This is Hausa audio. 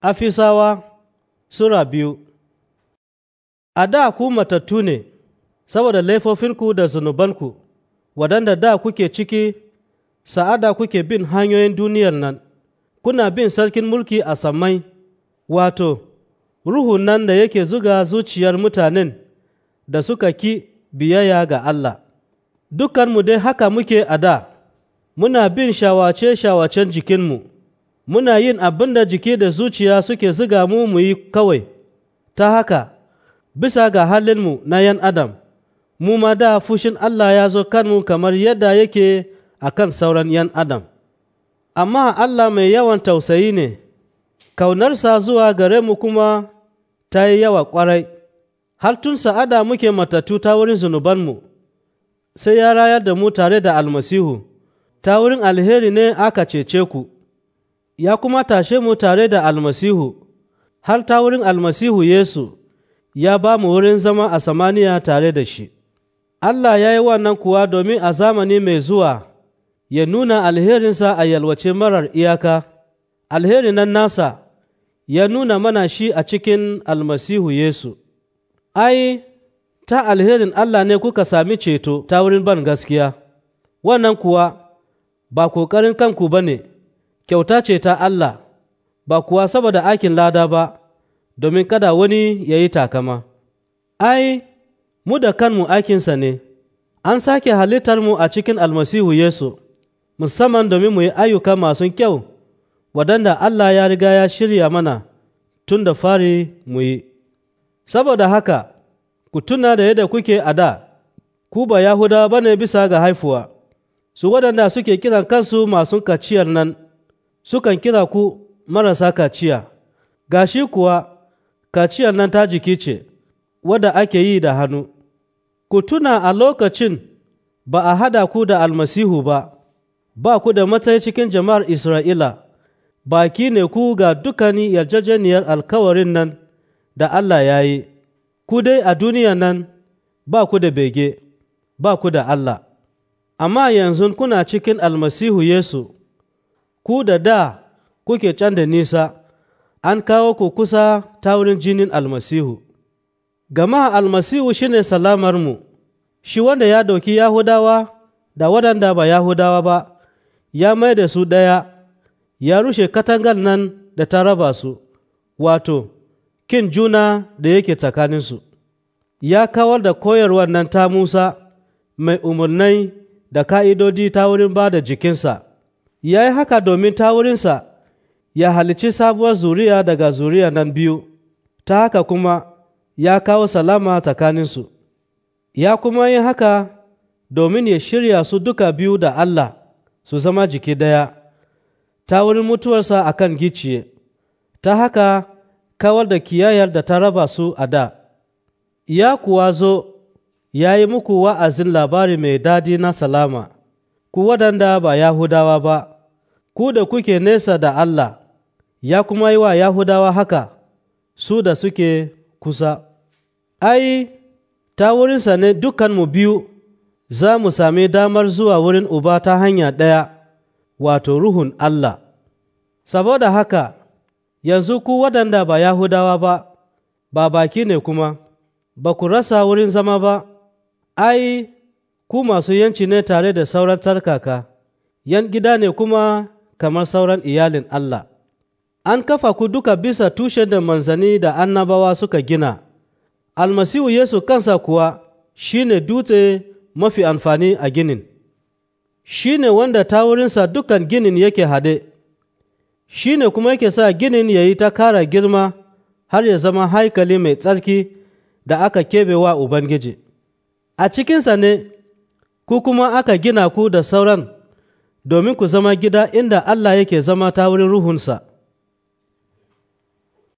Afisawa Sura biyu A da ku matattu ne, saboda laifofinku da zunubanku, waɗanda da kuke ciki, sa'ada kuke bin hanyoyin duniyar nan, kuna bin sarkin mulki a samai, wato, ruhu nan da yake zuga zuciyar mutanen da suka ki biyayya ga Allah. Dukanmu dai haka muke a da, muna bin shawace-shawacen jikinmu. muna yin abin da jiki da zuciya suke ziga mu mu yi kawai, ta haka, bisa ga halinmu na ‘yan Adam, mu ma da fushin Allah ya zo kanmu kamar yadda yake a kan sauran ‘yan Adam. Amma Allah mai yawan tausayi ne, kaunarsa zuwa gare mu kuma ta yi yawa ƙwarai, har tun sa'ada muke matattu ta wurin zunubanmu, sai ya rayar da mu tare da almasihu, ta wurin alheri ne aka cece ku. ya kuma tashe mu tare da almasihu, har ta wurin almasihu Yesu ya ba mu wurin zama a samaniya tare da shi. Allah ya yi wannan kuwa domin a zamani mai zuwa ya nuna alherinsa a yalwace marar iyaka, alherin nan nasa ya nuna mana shi a cikin almasihu Yesu. Ai, ta alherin Allah ne kuka sami ceto ta wurin ban gaskiya, wannan kuwa ba ƙoƙarin kanku ba ne. kyauta ce ta Allah, ba kuwa saboda aikin lada ba, domin kada wani ya yi takama. Ai, mu da kanmu aikinsa ne, an sake halittarmu a cikin almasihu Yesu, musamman domin mu yi ayyuka masu kyau, waɗanda Allah ya riga ya shirya mana tun da fari mu yi. Saboda haka, ku tuna da yadda kuke a da, ku ba Yahudawa ba ne bisa ga haifuwa, su waɗanda suke kiran kansu masu kaciyar nan. sukan kira ku marasa kaciya, gashi kuwa kaciyar nan ta jiki ce, wadda ake yi da hannu. Ku tuna a lokacin ba a haɗa ku da almasihu ba, ba ku da matsayi cikin jama'ar Isra'ila, baki ne ku ga dukani yarjejeniyar alkawarin nan da Allah ya yi, ku dai a duniya nan ba ku da bege, ba ku da Allah, amma yanzu kuna cikin almasihu Yesu. ku da da kuke can da nisa, an kawo ku kusa ta wurin jinin almasihu. Gama almasihu shine salamarmu, shi wanda ya doki Yahudawa da waɗanda ba Yahudawa ba, ya mai da su ɗaya, ya rushe katangar nan da ta raba su, wato, kin juna da yake tsakaninsu. Ya kawar da koyarwar nan ta Musa mai umarnai da ka'idodi ta wurin ba da jikinsa. ya yi haka domin ta wurinsa ya halici sabuwar zuriya daga zuriya nan biyu, ta haka kuma ya kawo salama tsakaninsu, ya kuma yi haka domin ya shirya su duka biyu da Allah su zama jiki daya ta wurin mutuwarsa a kan giciye, ta haka kawar da kiyayar da ta raba su a da. Ya kuwa zo, ya yi muku wa'azin labari mai dadi na salama. ku waɗanda ba Yahudawa ba, ku da kuke nesa da Allah, ya kuma yi wa Yahudawa haka su da suke kusa. Ai, ta wurinsa ne dukanmu biyu za mu sami damar zuwa wurin Uba ta hanya ɗaya, wato Ruhun Allah. Saboda haka, yanzu ku waɗanda ba Yahudawa ba, ba baki ne kuma, ba ku rasa wurin zama ba, ai, ku masu yanci ne tare da sauran tsarkaka, yan gida ne kuma kamar sauran iyalin Allah. An kafa ku duka bisa tushen da manzani da annabawa suka gina, almasihu Yesu kansa kuwa shi ne dutse mafi amfani a ginin, shi ne wanda ta wurinsa dukan ginin yake haɗe. shi ne kuma yake sa ginin ya yi ta kara girma har ya zama haikali mai tsarki da aka wa Ubangiji. A cikinsa ne ku kuma aka gina ku da sauran domin ku zama gida inda Allah yake zama ta wurin ruhunsa.